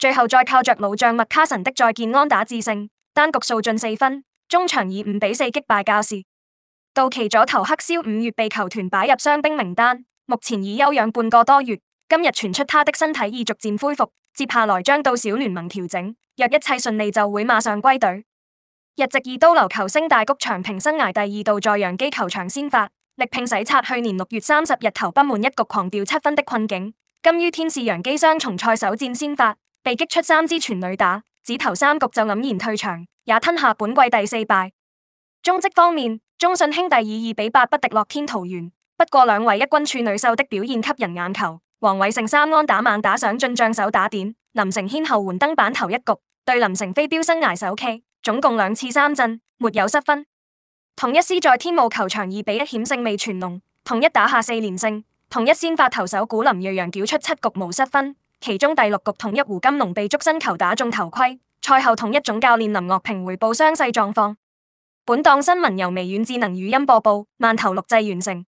最後再靠着老將麥卡臣的再見安打致勝，單局數進四分，終場以五比四擊敗教士。到期左投黑燒五月被球團擺入傷兵名單，目前已休養半個多月，今日傳出他的身體已逐漸恢復，接下來將到小聯盟調整，若一切順利就會馬上歸隊。日籍二刀流球星大谷翔平生涯第二度在洋基球場先發，力拼洗刷去年六月三十日投不滿一局狂掉七分的困境，今於天使洋基雙重賽首戰先發。被擊出三支全壘打，只投三局就黯然退場，也吞下本季第四敗。中職方面，中信兄弟以二比八不敵樂天桃猿。不過兩位一軍處女秀的表現吸引眼球，黃偉勝三安打猛打賞，進帳首打點，林承軒後援登板頭一局，對林承飛飆生涯首 K，總共兩次三振沒有失分。統一獅在天母球場二比一險勝味全龍，統一打下四連勝，統一先發投手古林睿煬繳出七局無失分。其中第六局統一胡金龍被觸身球打中頭盔，賽後統一總教練林岳平回報傷勢狀況。本檔新聞由微軟智能語音播報，慢投錄製完成。